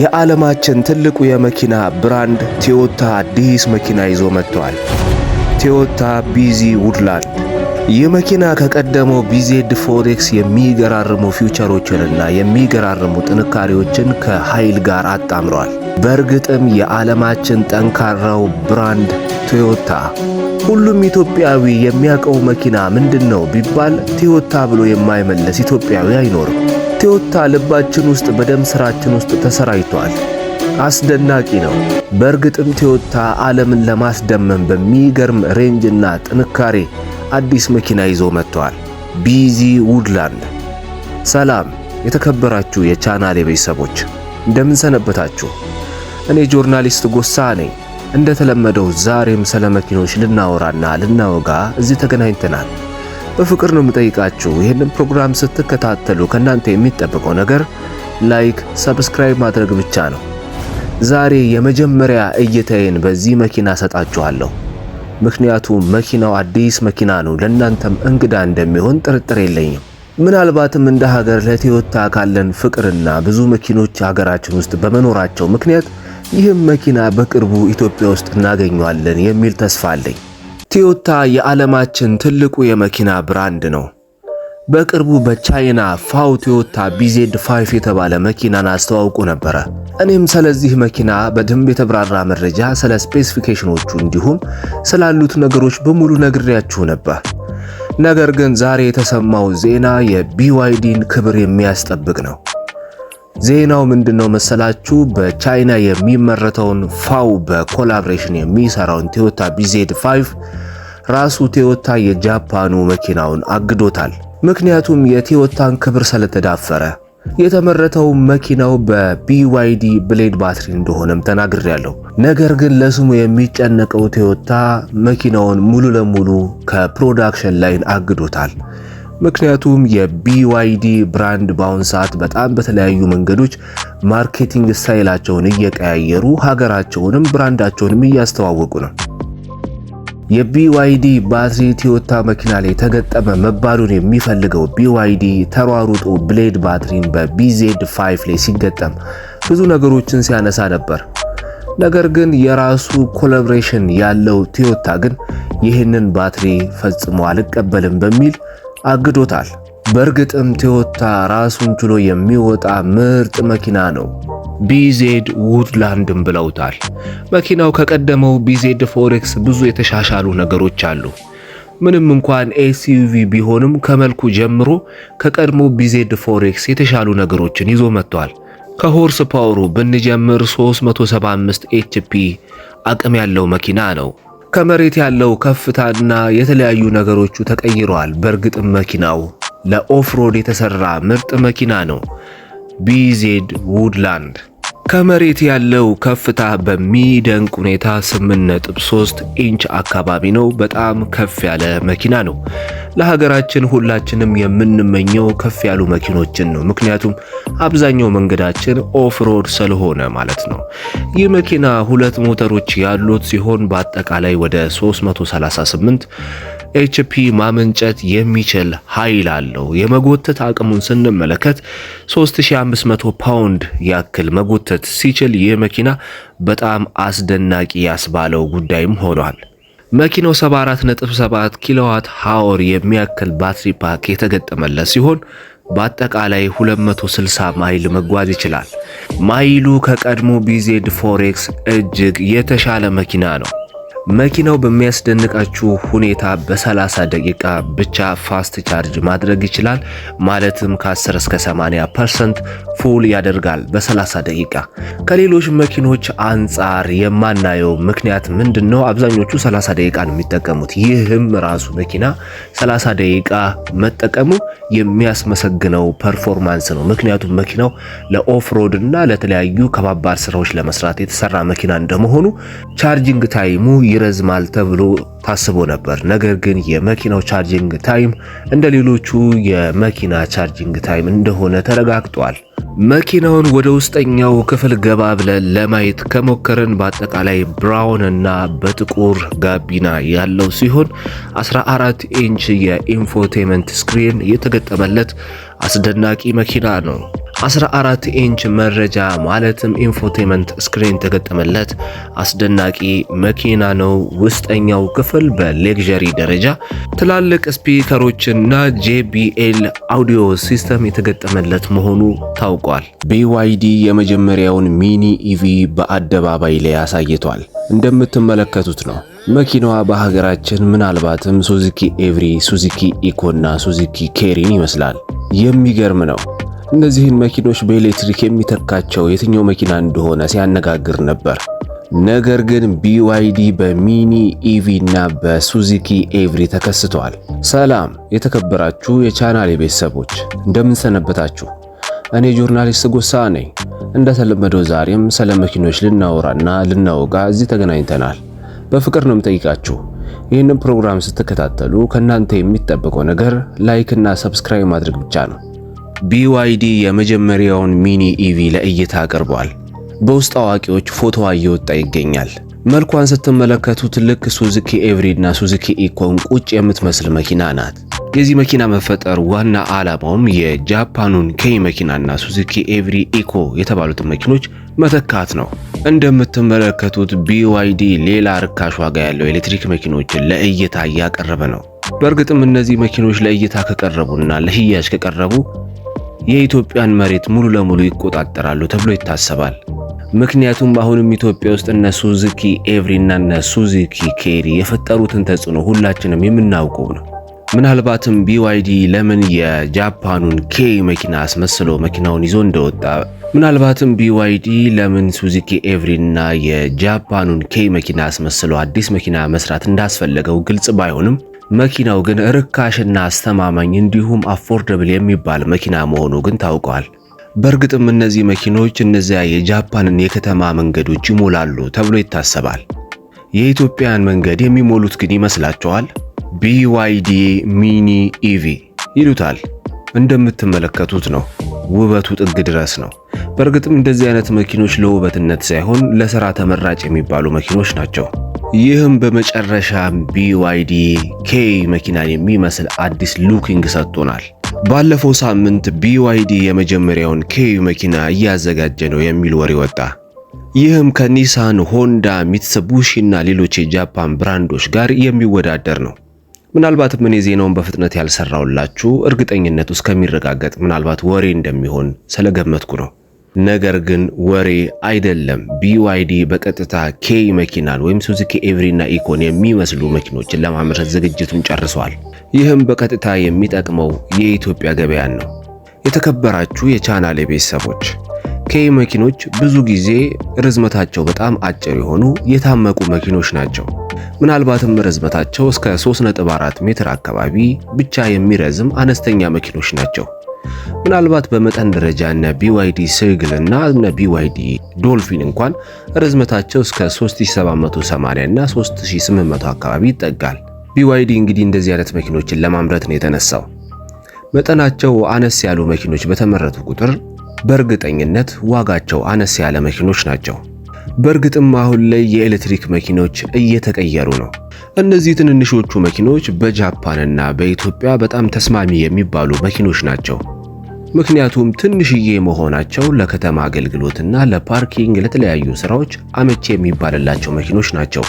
የዓለማችን ትልቁ የመኪና ብራንድ ቶዮታ አዲስ መኪና ይዞ መጥቷል። ቶዮታ ቢዚ ውድላንድ ይህ መኪና ከቀደመው ቢዜድ ፎሬክስ የሚገራርሙ ፊውቸሮችንና የሚገራርሙ ጥንካሬዎችን ከኃይል ጋር አጣምሯል። በእርግጥም የዓለማችን ጠንካራው ብራንድ ቶዮታ ሁሉም ኢትዮጵያዊ የሚያውቀው መኪና ምንድን ነው ቢባል ቶዮታ ብሎ የማይመለስ ኢትዮጵያዊ አይኖርም። ቶዮታ ልባችን ውስጥ በደም ስራችን ውስጥ ተሰራጭቷል። አስደናቂ ነው። በእርግጥም ቶዮታ ዓለምን ለማስደመም በሚገርም ሬንጅና ጥንካሬ አዲስ መኪና ይዞ መጥቷል። ቢዚ ውድላንድ። ሰላም የተከበራችሁ የቻናሌ ቤተሰቦች እንደምን ሰነበታችሁ? እኔ ጆርናሊስት ጎሳ ነኝ። እንደተለመደው ዛሬም ስለ መኪኖች ልናወራና ልናወጋ እዚህ ተገናኝተናል። በፍቅር ነው የምጠይቃችሁ። ይህንን ፕሮግራም ስትከታተሉ ከእናንተ የሚጠበቀው ነገር ላይክ፣ ሰብስክራይብ ማድረግ ብቻ ነው። ዛሬ የመጀመሪያ እይታዬን በዚህ መኪና ሰጣችኋለሁ። ምክንያቱም መኪናው አዲስ መኪና ነው። ለእናንተም እንግዳ እንደሚሆን ጥርጥር የለኝም። ምናልባትም እንደ ሀገር ለቶዮታ ካለን ፍቅርና ብዙ መኪኖች ሀገራችን ውስጥ በመኖራቸው ምክንያት ይህም መኪና በቅርቡ ኢትዮጵያ ውስጥ እናገኘዋለን የሚል ተስፋ አለኝ። ቶዮታ የዓለማችን ትልቁ የመኪና ብራንድ ነው። በቅርቡ በቻይና ፋው ቶዮታ ቢዜድ 5 የተባለ መኪናን አስተዋውቁ ነበረ። እኔም ስለዚህ መኪና በደንብ የተብራራ መረጃ ስለ ስፔሲፊኬሽኖቹ እንዲሁም ስላሉት ነገሮች በሙሉ ነግሬያችሁ ነበር። ነገር ግን ዛሬ የተሰማው ዜና የቢዋይዲን ክብር የሚያስጠብቅ ነው። ዜናው ምንድን ነው መሰላችሁ? በቻይና የሚመረተውን ፋው በኮላብሬሽን የሚሰራውን ቶዮታ ቢዜድ 5 ራሱ ቶዮታ የጃፓኑ መኪናውን አግዶታል። ምክንያቱም የቶዮታን ክብር ስለተዳፈረ። የተመረተው መኪናው በቢዋይዲ ብሌድ ባትሪ እንደሆነም ተናግሬያለሁ። ነገር ግን ለስሙ የሚጨነቀው ቶዮታ መኪናውን ሙሉ ለሙሉ ከፕሮዳክሽን ላይን አግዶታል። ምክንያቱም የቢዋይዲ ብራንድ በአሁን ሰዓት በጣም በተለያዩ መንገዶች ማርኬቲንግ ስታይላቸውን እየቀያየሩ ሀገራቸውንም ብራንዳቸውንም እያስተዋወቁ ነው። የቢዋይዲ ባትሪ ቶዮታ መኪና ላይ ተገጠመ መባሉን የሚፈልገው ቢዋይዲ ተሯሩጦ ብሌድ ባትሪን በቢዜድ 5 ላይ ሲገጠም ብዙ ነገሮችን ሲያነሳ ነበር። ነገር ግን የራሱ ኮላቦሬሽን ያለው ቶዮታ ግን ይህንን ባትሪ ፈጽሞ አልቀበልም በሚል አግዶታል። በእርግጥም ቶዮታ ራሱን ችሎ የሚወጣ ምርጥ መኪና ነው። ቢዜድ ውድላንድም ብለውታል። መኪናው ከቀደመው ቢዜድ ፎሬክስ ብዙ የተሻሻሉ ነገሮች አሉ። ምንም እንኳን ኤስዩቪ ቢሆንም ከመልኩ ጀምሮ ከቀድሞ ቢዜድ ፎሬክስ የተሻሉ ነገሮችን ይዞ መጥቷል። ከሆርስ ፓወሩ ብንጀምር 375 ኤችፒ አቅም ያለው መኪና ነው። ከመሬት ያለው ከፍታና የተለያዩ ነገሮቹ ተቀይረዋል። በእርግጥም መኪናው ለኦፍሮድ የተሰራ ምርጥ መኪና ነው። ቢዜድ ውድላንድ ከመሬት ያለው ከፍታ በሚደንቅ ሁኔታ 8.3 ኢንች አካባቢ ነው። በጣም ከፍ ያለ መኪና ነው። ለሀገራችን ሁላችንም የምንመኘው ከፍ ያሉ መኪኖችን ነው። ምክንያቱም አብዛኛው መንገዳችን ኦፍሮድ ስለሆነ ማለት ነው። ይህ መኪና ሁለት ሞተሮች ያሉት ሲሆን በአጠቃላይ ወደ 338 ኤችፒ ማመንጨት የሚችል ኃይል አለው። የመጎተት አቅሙን ስንመለከት 3500 ፓውንድ ያክል መጎተት መጎተት ሲችል ይህ መኪና በጣም አስደናቂ ያስባለው ጉዳይም ሆኗል። መኪናው 74.7 ኪሎዋት ሃወር የሚያክል ባትሪ ፓክ የተገጠመለት ሲሆን በአጠቃላይ 260 ማይል መጓዝ ይችላል። ማይሉ ከቀድሞ ቢዜድ ፎሬክስ እጅግ የተሻለ መኪና ነው። መኪናው በሚያስደንቃችሁ ሁኔታ በ30 ደቂቃ ብቻ ፋስት ቻርጅ ማድረግ ይችላል። ማለትም ከ10 እስከ 80% ፉል ያደርጋል በ30 ደቂቃ። ከሌሎች መኪኖች አንጻር የማናየው ምክንያት ምንድነው? አብዛኞቹ 30 ደቂቃ ነው የሚጠቀሙት። ይህም ራሱ መኪና 30 ደቂቃ መጠቀሙ የሚያስመሰግነው ፐርፎርማንስ ነው። ምክንያቱም መኪናው ለኦፍሮድ እና ለተለያዩ ከባባድ ስራዎች ለመስራት የተሰራ መኪና እንደመሆኑ ቻርጅንግ ታይሙ ይረዝማል ተብሎ ታስቦ ነበር። ነገር ግን የመኪናው ቻርጂንግ ታይም እንደ ሌሎቹ የመኪና ቻርጂንግ ታይም እንደሆነ ተረጋግጧል። መኪናውን ወደ ውስጠኛው ክፍል ገባ ብለን ለማየት ከሞከርን በአጠቃላይ ብራውን እና በጥቁር ጋቢና ያለው ሲሆን 14 ኢንች የኢንፎቴመንት ስክሪን የተገጠመለት አስደናቂ መኪና ነው። 14 ኢንች መረጃ ማለትም ኢንፎቴመንት ስክሪን ተገጠመለት አስደናቂ መኪና ነው። ውስጠኛው ክፍል በሌግዠሪ ደረጃ ትላልቅ ስፒከሮችና ጄቢኤል አውዲዮ ሲስተም የተገጠመለት መሆኑ ታውቋል። ቢዋይዲ የመጀመሪያውን ሚኒ ኢቪ በአደባባይ ላይ አሳይቷል። እንደምትመለከቱት ነው። መኪናዋ በሀገራችን ምናልባትም ሱዚኪ ኤቭሪ፣ ሱዚኪ ኢኮና ሱዚኪ ኬሪን ይመስላል። የሚገርም ነው። እነዚህን መኪኖች በኤሌክትሪክ የሚተካቸው የትኛው መኪና እንደሆነ ሲያነጋግር ነበር። ነገር ግን ቢዋይዲ በሚኒ ኢቪ እና በሱዚኪ ኤቭሪ ተከስተዋል። ሰላም የተከበራችሁ የቻናል ቤተሰቦች እንደምንሰነበታችሁ። እኔ ጆርናሊስት ጎሳ ነኝ። እንደተለመደው ዛሬም ስለ መኪኖች ልናወራና ልናወጋ እዚህ ተገናኝተናል። በፍቅር ነው የምጠይቃችሁ። ይህንን ፕሮግራም ስትከታተሉ ከእናንተ የሚጠበቀው ነገር ላይክ እና ሰብስክራይብ ማድረግ ብቻ ነው። ቢዋይዲ የመጀመሪያውን ሚኒ ኢቪ ለእይታ አቅርቧል። በውስጥ አዋቂዎች ፎቶዋ እየወጣ ይገኛል። መልኳን ስትመለከቱት ልክ ሱዙኪ ኤቭሪድ እና ሱዙኪ ኢኮን ቁጭ የምትመስል መኪና ናት። የዚህ መኪና መፈጠር ዋና ዓላማውም የጃፓኑን ኬይ መኪናና ሱዙኪ ኤቭሪ ኢኮ የተባሉትን መኪኖች መተካት ነው። እንደምትመለከቱት ቢዋይዲ ሌላ ርካሽ ዋጋ ያለው ኤሌክትሪክ መኪኖችን ለእይታ እያቀረበ ነው። በእርግጥም እነዚህ መኪኖች ለእይታ ከቀረቡና ለሽያጭ ከቀረቡ የኢትዮጵያን መሬት ሙሉ ለሙሉ ይቆጣጠራሉ ተብሎ ይታሰባል። ምክንያቱም አሁንም ኢትዮጵያ ውስጥ እነ ሱዙኪ ኤቭሪ እና እነ ሱዙኪ ኬሪ የፈጠሩትን ተጽዕኖ ሁላችንም የምናውቀው ነው። ምናልባትም ቢዋይዲ ለምን የጃፓኑን ኬይ መኪና አስመስሎ መኪናውን ይዞ እንደወጣ ምናልባትም ቢዋይዲ ለምን ሱዚኪ እና የጃፓኑን ኬይ መኪና አስመስሎ አዲስ መኪና መስራት እንዳስፈለገው ግልጽ ባይሆንም መኪናው ግን ርካሽና አስተማማኝ እንዲሁም አፎርደብል የሚባል መኪና መሆኑ ግን ታውቋል። በእርግጥም እነዚህ መኪኖች እነዚያ የጃፓንን የከተማ መንገዶች ይሞላሉ ተብሎ ይታሰባል። የኢትዮጵያን መንገድ የሚሞሉት ግን ይመስላቸዋል? ቢዋይዲ ሚኒ ኢቪ ይሉታል። እንደምትመለከቱት ነው። ውበቱ ጥግ ድረስ ነው። በእርግጥም እንደዚህ አይነት መኪኖች ለውበትነት ሳይሆን ለሥራ ተመራጭ የሚባሉ መኪኖች ናቸው። ይህም በመጨረሻም ቢዋይዲ ኬ መኪናን የሚመስል አዲስ ሉኪንግ ሰጥቶናል። ባለፈው ሳምንት ቢዋይዲ የመጀመሪያውን ኬ መኪና እያዘጋጀ ነው የሚል ወሬ ወጣ። ይህም ከኒሳን፣ ሆንዳ፣ ሚትስቡሺ እና ሌሎች የጃፓን ብራንዶች ጋር የሚወዳደር ነው። ምናልባትም እኔ ዜናውን በፍጥነት ያልሰራውላችሁ እርግጠኝነቱ እስከሚረጋገጥ ምናልባት ወሬ እንደሚሆን ስለገመትኩ ነው። ነገር ግን ወሬ አይደለም። ቢዋይዲ በቀጥታ ኬይ መኪናን ወይም ሱዙኪ ኤቭሪና ኢኮን የሚመስሉ መኪኖችን ለማምረት ዝግጅቱን ጨርሷል። ይህም በቀጥታ የሚጠቅመው የኢትዮጵያ ገበያን ነው። የተከበራችሁ የቻናሌ ቤተሰቦች ኬይ መኪኖች ብዙ ጊዜ ርዝመታቸው በጣም አጭር የሆኑ የታመቁ መኪኖች ናቸው። ምናልባትም ርዝመታቸው እስከ 3.4 ሜትር አካባቢ ብቻ የሚረዝም አነስተኛ መኪኖች ናቸው። ምናልባት በመጠን ደረጃ እነ ቢዋይዲ ስግል እና እነ ቢዋይዲ ዶልፊን እንኳን ርዝመታቸው እስከ 3780 እና 3800 አካባቢ ይጠጋል። ቢዋይዲ እንግዲህ እንደዚህ አይነት መኪኖችን ለማምረት ነው የተነሳው። መጠናቸው አነስ ያሉ መኪኖች በተመረቱ ቁጥር በእርግጠኝነት ዋጋቸው አነስ ያለ መኪኖች ናቸው። በእርግጥም አሁን ላይ የኤሌክትሪክ መኪኖች እየተቀየሩ ነው። እነዚህ ትንንሾቹ መኪኖች በጃፓንና በኢትዮጵያ በጣም ተስማሚ የሚባሉ መኪኖች ናቸው። ምክንያቱም ትንሽዬ መሆናቸው ለከተማ አገልግሎትና ለፓርኪንግ፣ ለተለያዩ ስራዎች አመቼ የሚባልላቸው መኪኖች ናቸው።